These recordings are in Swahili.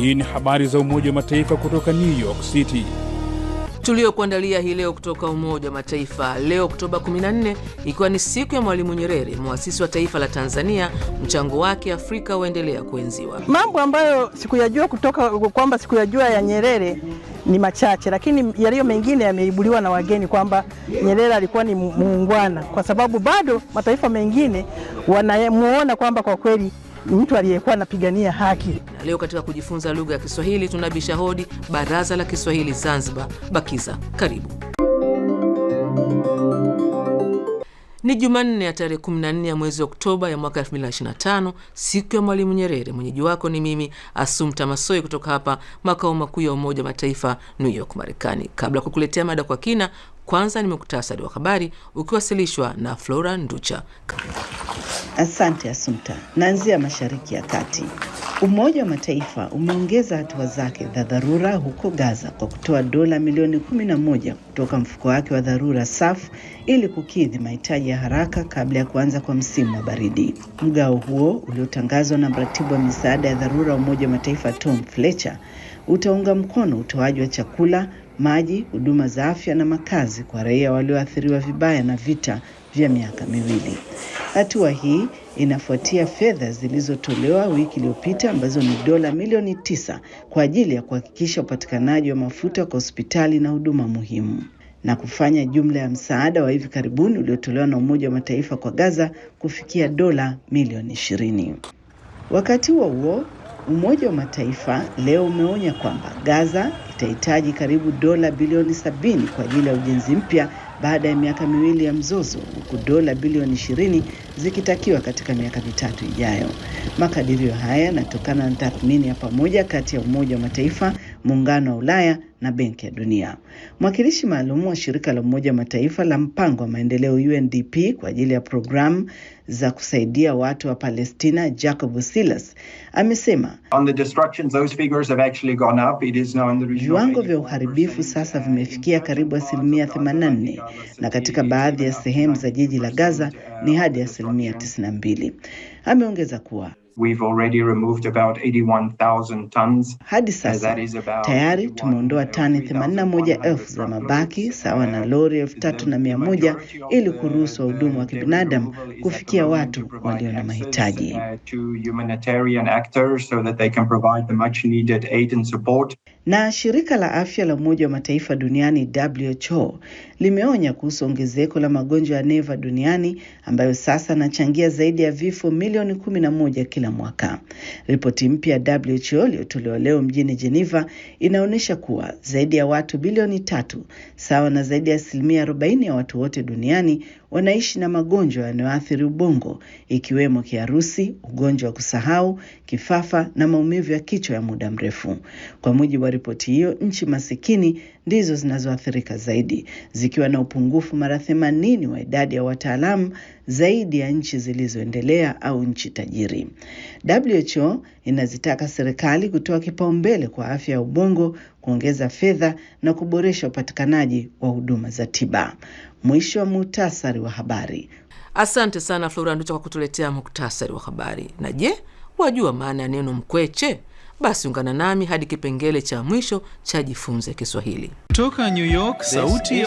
Hii ni habari za Umoja wa Mataifa kutoka New York City tuliokuandalia hii leo kutoka Umoja wa Mataifa leo Oktoba 14, ikiwa ni siku ya Mwalimu Nyerere, mwasisi wa taifa la Tanzania. Mchango wake Afrika huendelea kuenziwa. Mambo ambayo sikuyajua kutoka kwamba sikuyajua ya Nyerere ni machache, lakini yaliyo mengine yameibuliwa na wageni kwamba Nyerere alikuwa ni muungwana, kwa sababu bado mataifa mengine wanamuona kwamba kwa kweli mtu aliyekuwa anapigania haki Leo katika kujifunza lugha ya Kiswahili tunabisha hodi Baraza la Kiswahili Zanzibar. Bakiza karibu. Ni Jumanne ya tarehe 14 ya mwezi Oktoba ya mwaka 2025, siku ya Mwalimu Nyerere. Mwenyeji wako ni mimi Asumta Masoi kutoka hapa makao makuu ya Umoja wa Mataifa, New York, Marekani. Kabla ya kukuletea mada kwa kina, kwanza ni muktasari wa habari ukiwasilishwa na Flora Nducha. Asante Asumta. Naanzia Mashariki ya Kati. Umoja wa Mataifa umeongeza hatua zake za dharura huko Gaza kwa kutoa dola milioni 11 kutoka mfuko wake wa dharura SAF ili kukidhi mahitaji ya haraka kabla ya kuanza kwa msimu wa baridi. Mgao huo uliotangazwa na mratibu wa misaada ya dharura wa Umoja wa Mataifa Tom Fletcher utaunga mkono utoaji wa chakula, maji, huduma za afya na makazi kwa raia walioathiriwa vibaya na vita vya miaka miwili. Hatua hii inafuatia fedha zilizotolewa wiki iliyopita ambazo ni dola milioni tisa kwa ajili ya kuhakikisha upatikanaji wa mafuta kwa hospitali na huduma muhimu na kufanya jumla ya msaada wa hivi karibuni uliotolewa na Umoja wa Mataifa kwa Gaza kufikia dola milioni ishirini. Wakati huo huo, Umoja wa Mataifa leo umeonya kwamba Gaza itahitaji karibu dola bilioni sabini kwa ajili ya ujenzi mpya baada ya miaka miwili ya mzozo, huku dola bilioni ishirini zikitakiwa katika miaka mitatu ijayo. Makadirio haya yanatokana na tathmini ya pamoja kati ya Umoja wa Mataifa muungano wa Ulaya na Benki ya Dunia. Mwakilishi maalum wa shirika la Umoja Mataifa la mpango wa maendeleo UNDP kwa ajili ya programu za kusaidia watu wa Palestina, Jacob Silas amesema viwango vya uharibifu sasa vimefikia karibu asilimia 84 na katika baadhi ya sehemu za jiji la Gaza ni hadi asilimia 92. Ameongeza kuwa We've already removed about 81,000 tons. Hadi sasa tayari tumeondoa tani 81,000 za mabaki sawa na lori 31 ili kuruhusu wahudumu wa kibinadamu kufikia watu walio na mahitaji. Uh, na shirika la afya la Umoja wa Mataifa duniani WHO limeonya kuhusu ongezeko la magonjwa ya neva duniani ambayo sasa anachangia zaidi ya vifo milioni 11 kila mwaka. Ripoti mpya ya WHO iliyotolewa leo mjini jeneva inaonyesha kuwa zaidi ya watu bilioni tatu sawa na zaidi ya asilimia 40 ya watu wote duniani wanaishi na magonjwa yanayoathiri ubongo ikiwemo kiharusi, ugonjwa wa kusahau, kifafa na maumivu ya kichwa ya muda mrefu. Kwa mujibu wa ripoti hiyo, nchi masikini ndizo zinazoathirika zaidi zikiwa na upungufu mara themanini wa idadi ya wataalamu zaidi ya nchi zilizoendelea au nchi tajiri. WHO inazitaka serikali kutoa kipaumbele kwa afya ya ubongo, kuongeza fedha na kuboresha upatikanaji wa huduma za tiba. Mwisho wa muhtasari wa habari. Asante sana Flora kwa kutuletea muhtasari wa habari. Na je, wajua maana ya neno mkweche? Basi ungana nami hadi kipengele cha mwisho cha Jifunze Kiswahili. Kutoka New York, sauti ya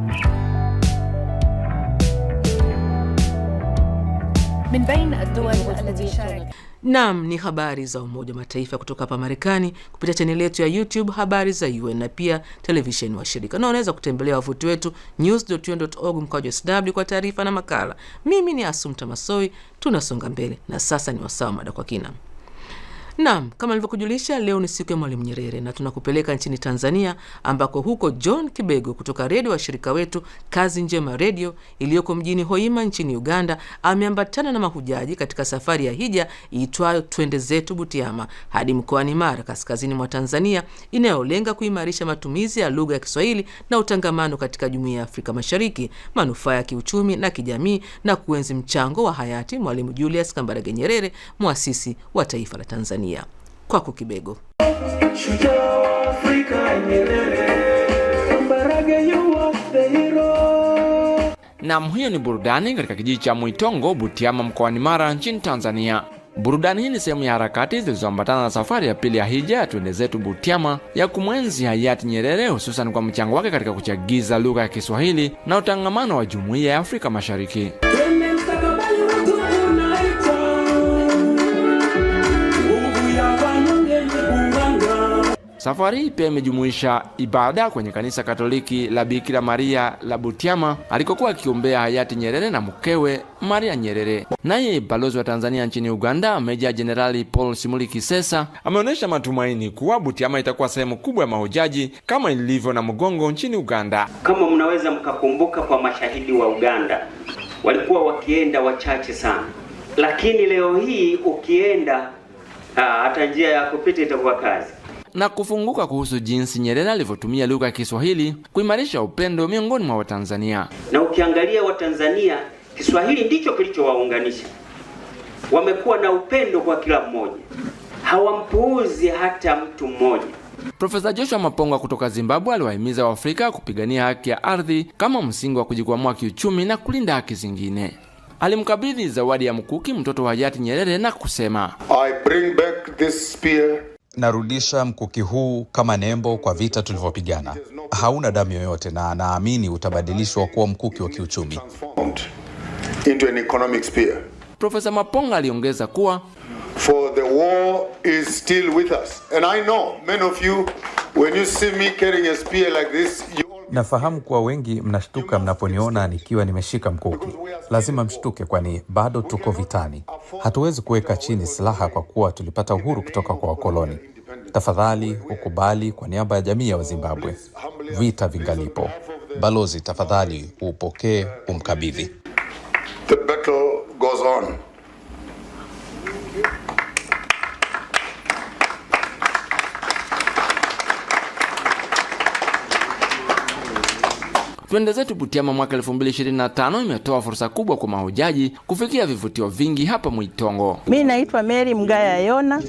nam ni habari za Umoja wa Mataifa kutoka hapa Marekani kupitia chaneli yetu ya YouTube habari za UN na pia televisheni wa shirika, na unaweza kutembelea wavuti wetu news.un.org mkoaji kwa taarifa na makala. Mimi ni Asumta Masoi, tunasonga mbele na sasa ni wasawa mada kwa kina. Naam, kama nilivyokujulisha, leo ni siku ya Mwalimu Nyerere na tunakupeleka nchini Tanzania ambako huko John Kibego kutoka redio washirika wetu Kazi Njema Redio iliyoko mjini Hoima nchini Uganda ameambatana na mahujaji katika safari ya hija iitwayo Twende Zetu Butiama hadi mkoani Mara kaskazini mwa Tanzania inayolenga kuimarisha matumizi ya lugha ya Kiswahili na utangamano katika Jumuiya ya Afrika Mashariki, manufaa ya kiuchumi na kijamii na kuenzi mchango wa hayati Mwalimu Julius Kambarage Nyerere, mwasisi wa taifa la Tanzania. Tanzania. Kwako Kibego. Nam, hiyo ni burudani katika kijiji cha Mwitongo, Butiama, mkoani Mara, nchini Tanzania. Burudani hii ni sehemu ya harakati zilizoambatana na safari ya pili ya hija ya Twende Zetu Butiama ya kumwenzi hayati Nyerere, hususan kwa mchango wake katika kuchagiza lugha ya Kiswahili na utangamano wa jumuiya ya Afrika Mashariki. Safari hii pia imejumuisha ibada kwenye kanisa Katoliki la Bikira Maria la Butiama alikokuwa akiombea hayati Nyerere na mkewe Maria Nyerere. Naye balozi wa Tanzania nchini Uganda, Meja Jenerali Paul Simuli Kisesa, ameonyesha matumaini kuwa Butiama itakuwa sehemu kubwa ya mahujaji kama ilivyo na Mgongo nchini Uganda. Kama mnaweza mkakumbuka, kwa mashahidi wa Uganda walikuwa wakienda wachache sana, lakini leo hii ukienda ah, hata njia ya kupita itakuwa kazi na kufunguka kuhusu jinsi Nyerere alivyotumia lugha ya Kiswahili kuimarisha upendo miongoni mwa Watanzania. Na ukiangalia Watanzania, Kiswahili ndicho kilichowaunganisha. Wamekuwa na upendo kwa kila mmoja, hawampuuzi hata mtu mmoja. Profesa Joshua Mapongwa kutoka Zimbabwe aliwahimiza Waafrika kupigania haki ya ardhi kama msingi wa kujikwamua kiuchumi na kulinda haki zingine. Alimkabidhi zawadi ya mkuki mtoto wa hayati Nyerere na kusema I bring back this spear Narudisha mkuki huu kama nembo kwa vita tulivyopigana. Hauna damu yoyote, na naamini utabadilishwa kuwa mkuki wa kiuchumi. Profesa Maponga aliongeza kuwa For the war is still with us. And I know many of you, when you see me carrying a spear like this, you Nafahamu kuwa wengi mnashtuka mnaponiona nikiwa nimeshika mkuki. Lazima mshtuke, kwani bado tuko vitani. Hatuwezi kuweka chini silaha kwa kuwa tulipata uhuru kutoka kwa wakoloni. Tafadhali ukubali kwa niaba ya jamii ya Wazimbabwe, vita vingalipo. Balozi, tafadhali upokee, umkabidhi. The battle goes on. Twende zetu Butiama mwaka 2025 imetoa fursa kubwa kwa mahujaji kufikia vivutio vingi hapa Mwitongo. Mimi naitwa Mary Mgaya Yona,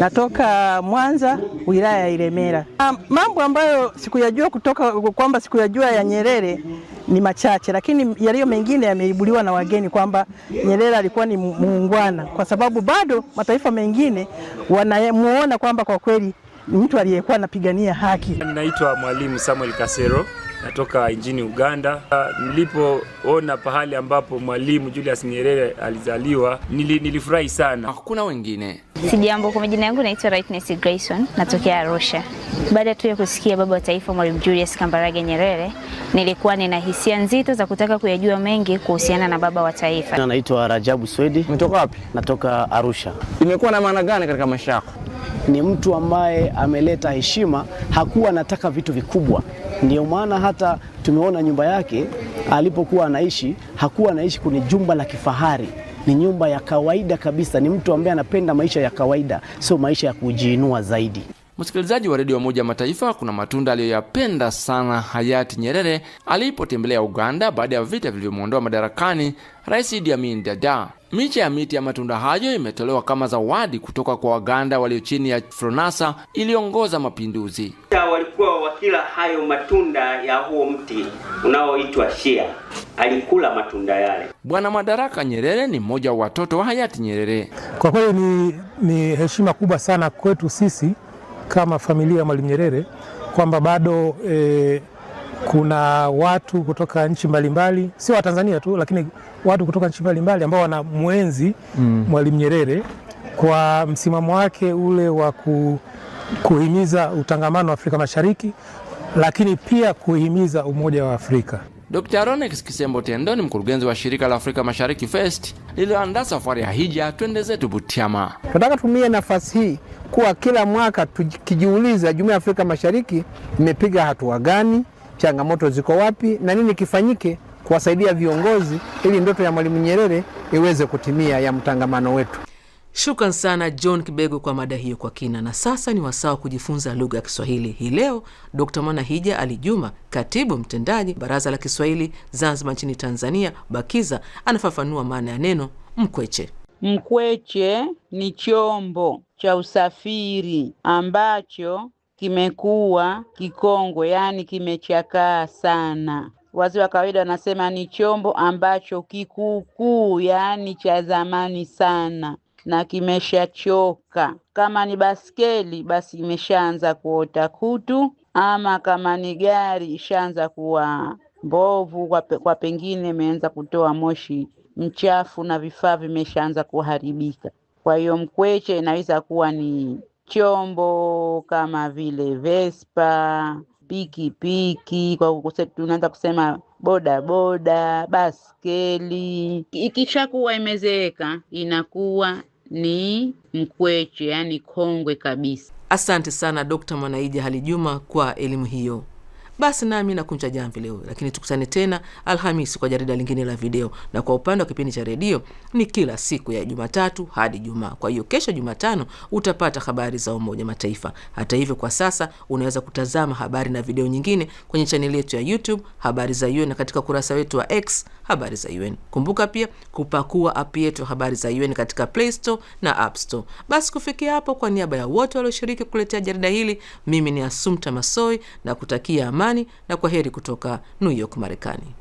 natoka Mwanza, wilaya ya Ilemela. Ah, mambo ambayo sikuyajua kutoka kwamba sikuyajua ya Nyerere ni machache, lakini yaliyo mengine yameibuliwa na wageni kwamba Nyerere alikuwa ni muungwana, kwa sababu bado mataifa mengine wanamuona kwamba kwa kweli mtu aliyekuwa anapigania haki. Ninaitwa Mwalimu Samuel Kasero natoka nchini Uganda. Nilipoona pahali ambapo Mwalimu Julius Nyerere alizaliwa nili, nilifurahi sana. Hakuna wengine. Sijambo, kwa majina yangu naitwa Rightness Grayson, natokea Arusha. Baada tu ya kusikia baba wa taifa Mwalimu Julius Kambarage Nyerere, nilikuwa nina hisia nzito za kutaka kuyajua mengi kuhusiana na baba wa taifa. Naitwa Rajabu Swedi. Umetoka wapi? Natoka Arusha. Imekuwa na maana gani katika maisha yako? ni mtu ambaye ameleta heshima, hakuwa anataka vitu vikubwa. Ndio maana hata tumeona nyumba yake alipokuwa anaishi, hakuwa anaishi kwenye jumba la kifahari ni nyumba ya kawaida kabisa. Ni mtu ambaye anapenda maisha ya kawaida, sio maisha ya kujiinua zaidi. Msikilizaji wa redio Umoja Mataifa, kuna matunda aliyoyapenda sana hayati Nyerere alipotembelea Uganda baada ya vita vilivyomwondoa madarakani Rais Idi Amin Dada. Miche ya miti ya matunda hayo imetolewa kama zawadi kutoka kwa Waganda walio chini ya Fronasa iliongoza mapinduzi. Walikuwa wakila hayo matunda ya huo mti unaoitwa shia, alikula matunda yale. Bwana Madaraka Nyerere ni mmoja wa watoto wa hayati Nyerere. Kwa kweli ni, ni heshima kubwa sana kwetu sisi kama familia ya Mwalimu Nyerere kwamba bado e, kuna watu kutoka nchi mbalimbali, sio Watanzania tu, lakini watu kutoka nchi mbalimbali ambao wana mwenzi mm. Mwalimu Nyerere kwa msimamo wake ule wa kuhimiza utangamano wa Afrika Mashariki, lakini pia kuhimiza umoja wa Afrika. Dr. Ronex Kisembo Tendo ni mkurugenzi wa shirika la Afrika Mashariki Fest lililoandaa safari ya hija twende zetu Butiama. Tunataka tumie nafasi hii kuwa kila mwaka tukijiuliza, jumuiya ya Afrika Mashariki imepiga hatua gani, changamoto ziko wapi na nini kifanyike kuwasaidia viongozi ili ndoto ya Mwalimu Nyerere iweze kutimia ya mtangamano wetu. Shukran sana John Kibego kwa mada hiyo kwa kina. Na sasa ni wasaa kujifunza lugha ya Kiswahili. Hii leo Dkt Mwanahija Ali Juma, katibu mtendaji Baraza la Kiswahili Zanzibar nchini Tanzania, BAKIZA, anafafanua maana ya neno mkweche. Mkweche ni chombo cha usafiri ambacho kimekuwa kikongwe, yaani kimechakaa sana wazi wa kawaida wanasema ni chombo ambacho kikuukuu, yaani cha zamani sana na kimeshachoka. Kama ni baskeli, basi imeshaanza kuota kutu, ama kama ni gari ishaanza kuwa mbovu, kwa, pe, kwa pengine imeanza kutoa moshi mchafu na vifaa vimeshaanza kuharibika. Kwa hiyo mkweche inaweza kuwa ni chombo kama vile Vespa, pikipiki, kwa tunaanza kusema bodaboda, baskeli. Ikishakuwa imezeeka inakuwa ni mkweche, yani kongwe kabisa. Asante sana Dkt. Mwanaija Halijuma kwa elimu hiyo. Basi nami nakunja jamvi leo, lakini tukutane tena Alhamisi kwa jarida lingine la video, na kwa upande wa kipindi cha redio ni kila siku ya Jumatatu hadi Jumaa. Kwa hiyo kesho Jumatano utapata habari za Umoja Mataifa. Hata hivyo, kwa sasa unaweza kutazama habari na video nyingine kwenye chaneli yetu ya YouTube habari za UN na katika ukurasa wetu wa X habari za UN. Kumbuka pia kupakua ap yetu habari za UN katika Play Store na App Store. Basi kufikia hapo, kwa niaba ya wote walioshiriki kuletea jarida hili, mimi ni Asumta Masoi na kutakia amani Amani na kwa heri kutoka New York, Marekani.